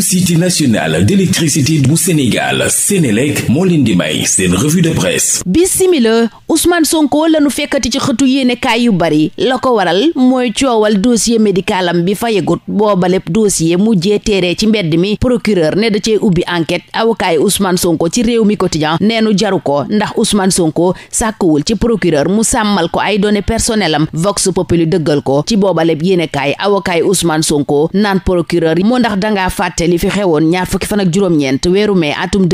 société nationale d'électricité bu Sénégal Sénélec moo leen di may seen revue de fekkati ci xëtu yéenekaay yu bari la ko waral mooy coowal dossier médicalam bi fayegut booba lépp dossier mujjee téere ci mbedd mi procureur ne da cee ubbi enquête awakaay Ousmane Sonko ci réew mi nee nu jaru ko ndax Ousmane Sonko sàkkuwul ci procureur mu sàmmal ko ay données personnelles am Vox Populi dëggal ko ci booba lépp yéenekaay awakaay Ousmane Sonko naan procureur moo ndax dangaa fàtte fàtte li fi xewoon ñaar fukki fan juróom-ñeent weeru atum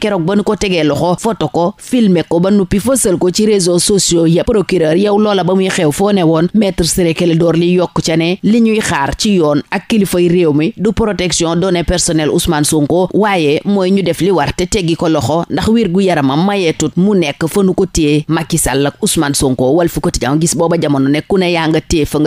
keroog ba nu ko tegee loxo foto ko filmer ko ba nuppi fësal ko ci réseaux sociaux ya procureur yow loola ba muy xew foo ne woon maître Ciré Clédor Ly yokku ca ne li ñuy xaar ci yoon ak kilifay réew mi du protection données personnelles Ousmane Sonko waaye mooy ñu def li war te teggi ko loxo ndax wér gu yaramam mayeetut mu nekk fa nu ko téye Macky Sall ak Ousmane Sonko wal fu quotidien gis booba jamono nekk ku ne yaa nga téye fa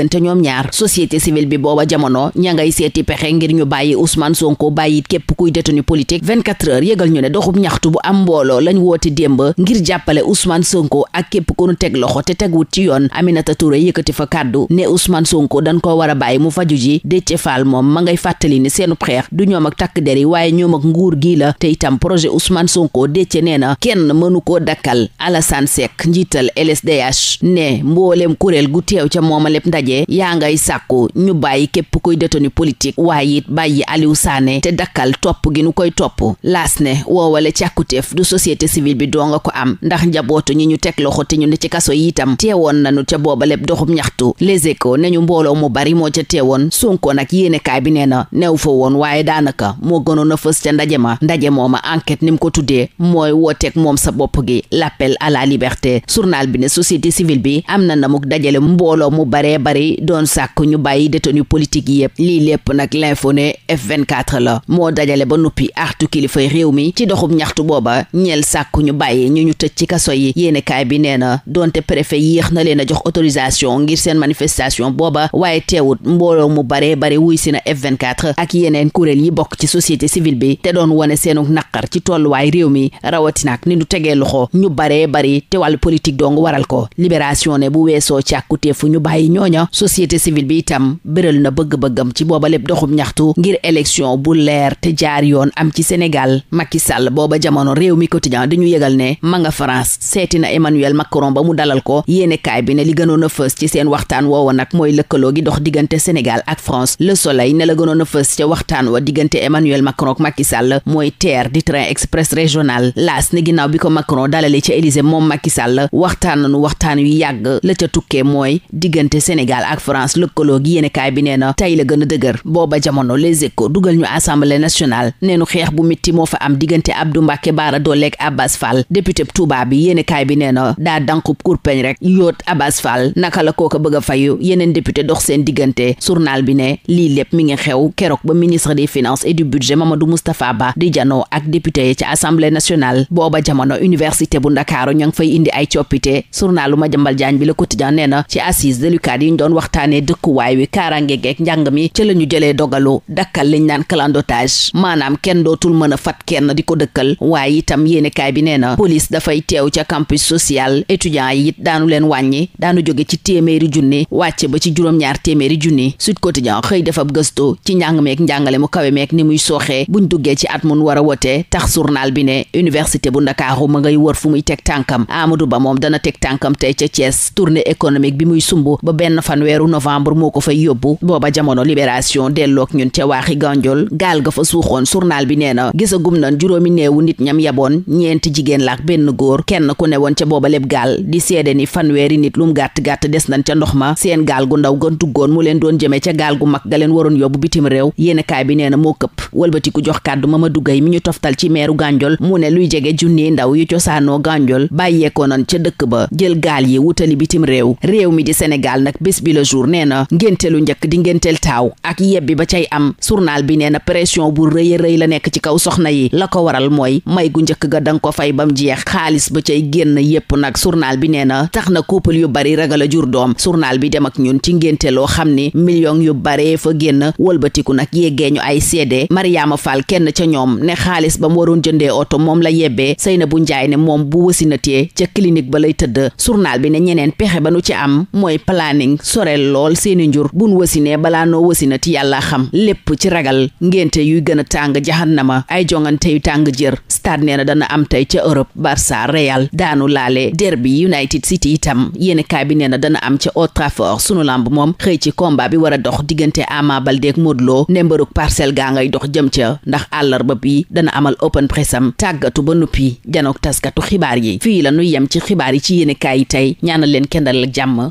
diggante ñoom ñaar société civile bi booba jamono ña ngay seeti pexe ngir ñu bàyyi Ousmane Sonko bàyyi képp kuy détenu politique 24 yëgal ñu ne doxub ñaxtu bu am mbooloo lañ woote démb ngir jàppale Ousmane Sonko ak képp ku teg loxo te tegwut ci Aminata Touré yëkkati fa kàddu ne Ousmane Sonko dañ ko war a bàyyi mu faju ji Déthié moom ma ngay fàttali ni seenu xeex du ñoom ak takk der waaye ñoom nguur gi la te itam projet Ousmane Sonko Déthié nee na kenn mënu koo dakkal Alassane Seck njiital LSDH ne mbooleem kuréel daje yaa ngay sàkku ñu bàyyi képp kuy détenu politique waaye it bàyyi Aliou Sané te dakkal topp gi nu koy topp laas ne woowale càkkuteef du société civile bi doo nga ko am ndax njabootu ñi ñu teg loxo te ñu ne ci kaso yi itam na nanu ca boobaleb doxub ñaxtu Les Échos ne ñu mbooloo mu bari moo ca teewoon Sonko nag yéenekaay bi nee na neew fa woon waaye daanaka moo gënoon a fës ca ndaje ma ndaje mooma enquête ni mu ko tuddee mooy wooteeg moom sa bopp gi l'appel yi doon sàkk ñu bàyyi détenu politique yi yépp lii lépp nag l'info ne F24 la moo dajale ba noppi artu kilifay réew mii ci doxub ñaxtu booba ñeel sàkk ñu bàyyi ñu ñu tëj ci kaso yi yéene kaay bi nee na doonte préfet yéex na leen a jox autorisation ngir seen manifestation booba waaye teewut mbooloo mu bare bare wuy si na F24 ak yeneen kuréel yi bokk ci société civile bi te doon wone seenu naqar ci tolluwaay réew mi rawatina ak ni nu tegee loxo ñu bare bari te société civile bi itam bëral na bëgg-bëggam ci booba lépp doxum ñaxtu ngir élection bu leer te jaar yoon am ci Sénégal Macky Sall booba jamono réew mi di dañu yëgal ne ma nga France seeti na Emmanuel Macron ba mu dalal ko yéene bi ne li gënoon a fës ci seen waxtaan woowa nag mooy lëkkaloo gi dox diggante Sénégal ak France Le Soleil ne la gënoon a fës ca waxtaan wa diggante Emmanuel Macron ak Macky Sall mooy TER di train express régional laas ne ginnaaw bi ko Macron dalalee ca Élysée moom Macky Sall waxtaan nanu waxtaan yu yàgg la ca tukkee mooy diggante Sénégal Sénégal ak France lëkkaloo gi yéenekaay bi nee na tey la gën a dëgër booba jamono les échos dugal ñu assemblée nationale neenu xeex bu mitti moo fa am diggante Abdou Mbacke Baara Dolleeg Abbas Fall député Touba bi yéenekaay bi nee na daa dànqub kurpeñ rek yóot Abbas Fall naka la kooka bëgg a fayu yeneen député dox seen bi ne lii lépp mi ngi xew keroog ba ministre des finances et du budget Mamadou Moustapha Ba di janoo ak député yi ci assemblée nationale booba jamono université bu Ndakaaru ña ngi fay indi a coppite doon waxtaanee dëkkuwaay wi kaaraange geeg njàng mi ci la ñu jëlee dogalu dakkal liñ naan clandotage maanaam kenn dootul mën a fat kenn di ko dëkkal waaye itam yéenekaay bi nee na police dafay teew ca campus social étudiants yi it daanu leen wàññi daanu jóge ci téeméeri junni wàcce ba ci juróom-ñaar téeméeri junni Sud Quotidien xëy defab gëstu ci njàng meek njàngale mu kawe meek ni muy sooxee buñ duggee ci at mun war wote tax journal bi ne université bu ndakaaru ma ngay wër fu muy teg tànkam Amadou Ba moom dana teg tànkam tey ca Thiès tournée économique bi muy sumb fanweeru novembre moo ko fay yóbbu booba jamono libération dellook ñun ca waaxi gànjol gaal ga fa suuxoon surnaal bi nee na gisagum nan juróomi néewu nit ñam yaboon ñeenti jigéen laak benn góor kenn ku ne woon ca booba leb gaal di seede ni fanweeri nit lum gàtt-gàtt des nañ ca ndox ma seen gaal gu ndaw gën duggoon mu leen doon jëmee ca gaal gu mag ga leen waroon yóbbu bitim réew yéenekaay bi nee na moo këpp wëlbati ku jox kàddu ma Gueye mi ñu toftal ci meeru gànjol mu ne luy jege junni ndaw yu cosaanoo gànjol bàyyeekoonan ca dëkk ba jël gaal yi bitim réew réew mi di Sénégal bi le jour nee na ngénteelu njëkk di ngénteel taaw ak yebbi ba cay am journal bi nee na pression bu rëy rëy la nekk ci kaw soxna yi la ko waral mooy may gu njëkk ga danga ko fay bam jeex xaalis ba cay génn yépp nag journal bi nee na tax na couple yu bari ragal a jur doom journal bi dem ak ñun ci ngénteloo xam ni million yu baree fa génn wëlbatiku nag yeggee ñu ay seede Mariama Fall kenn ca ñoom ne xaalis ba mu waroon jëndee oto moom la yebbee Seynabou na ne bu wasinatee ne ñeneen pexe ba nu ci am mooy soreel lool seeni njur bun wasinee balaa noo wasinati yàlla xam lépp ci ragal ngénte yuy gën a tàng jahannama ay jongante yu tàng jër stade nee na dana am tey ca Europe Barça Real daanu laale derby United City itam yéeni kaay bi nee na dana am ca Old Trafford sunu lamb moom xëy ci combat bi war a dox diggante Ama Baldé ak Modou Lo nembaruk parcelle gaa ngay dox jëm ca ndax àllarba bi dana amal open press am tàggatu ba nuppi janook taskatu xibaar yi fii la nuy yem ci xibaar yi ci yéeni yi tey ñaanal leen kendal ak jàmm